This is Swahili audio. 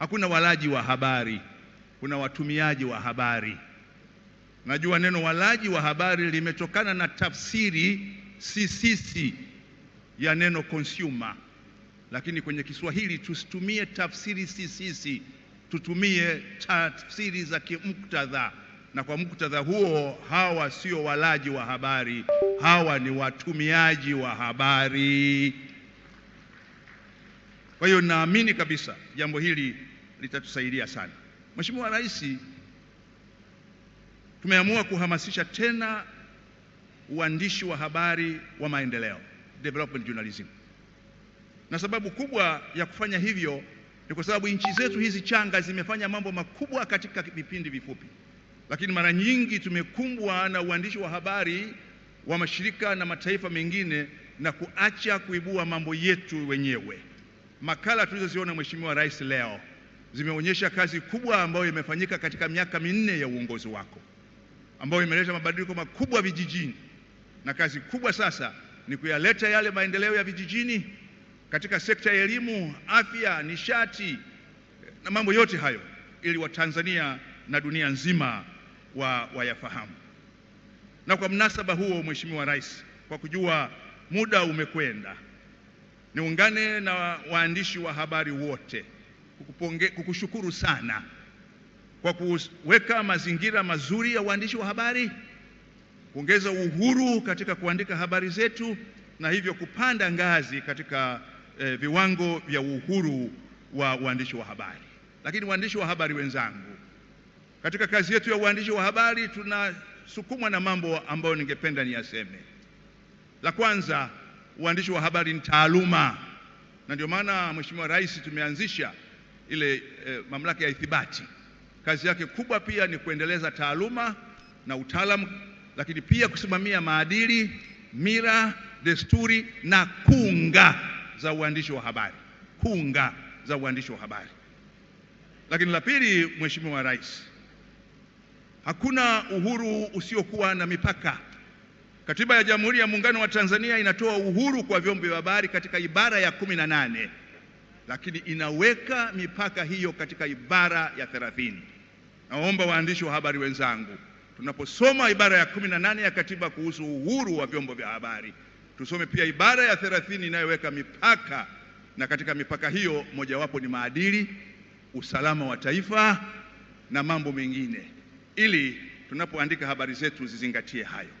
Hakuna walaji wa habari, kuna watumiaji wa habari. Najua neno walaji wa habari limetokana na tafsiri sisisi ya neno consumer, lakini kwenye Kiswahili tusitumie tafsiri sisisi, tutumie tafsiri za kimuktadha, na kwa muktadha huo hawa sio walaji wa habari, hawa ni watumiaji wa habari. Kwa hiyo naamini kabisa jambo hili litatusaidia sana. Mheshimiwa Rais, tumeamua kuhamasisha tena uandishi wa habari wa maendeleo, development journalism, na sababu kubwa ya kufanya hivyo ni kwa sababu nchi zetu hizi changa zimefanya mambo makubwa katika vipindi vifupi, lakini mara nyingi tumekumbwa na uandishi wa habari wa mashirika na mataifa mengine na kuacha kuibua mambo yetu wenyewe makala tulizoziona Mheshimiwa Rais leo zimeonyesha kazi kubwa ambayo imefanyika katika miaka minne ya uongozi wako ambayo imeleta mabadiliko makubwa vijijini, na kazi kubwa sasa ni kuyaleta yale maendeleo ya vijijini katika sekta ya elimu, afya, nishati eh, na mambo yote hayo, ili Watanzania na dunia nzima wa wayafahamu. Na kwa mnasaba huo, Mheshimiwa Rais, kwa kujua muda umekwenda Niungane na waandishi wa habari wote kukuponge, kukushukuru sana kwa kuweka mazingira mazuri ya waandishi wa habari, kuongeza uhuru katika kuandika habari zetu na hivyo kupanda ngazi katika eh, viwango vya uhuru wa uandishi wa habari. Lakini waandishi wa habari wenzangu, katika kazi yetu ya uandishi wa habari tunasukumwa na mambo ambayo ningependa niyaseme. La kwanza uandishi wa habari ni taaluma, na ndio maana Mheshimiwa Rais tumeanzisha ile e, mamlaka ya ithibati. Kazi yake kubwa pia ni kuendeleza taaluma na utaalamu, lakini pia kusimamia maadili, mira, desturi na kunga za uandishi wa habari, kunga za uandishi wa habari. Lakini la pili, Mheshimiwa Rais, hakuna uhuru usiokuwa na mipaka. Katiba ya Jamhuri ya Muungano wa Tanzania inatoa uhuru kwa vyombo vya habari katika ibara ya kumi na nane lakini inaweka mipaka hiyo katika ibara ya thelathini. Naomba waandishi wa habari wenzangu, tunaposoma ibara ya kumi na nane ya katiba kuhusu uhuru wa vyombo vya habari tusome pia ibara ya thelathini inayoweka mipaka, na katika mipaka hiyo mojawapo ni maadili, usalama wa taifa na mambo mengine, ili tunapoandika habari zetu zizingatie hayo.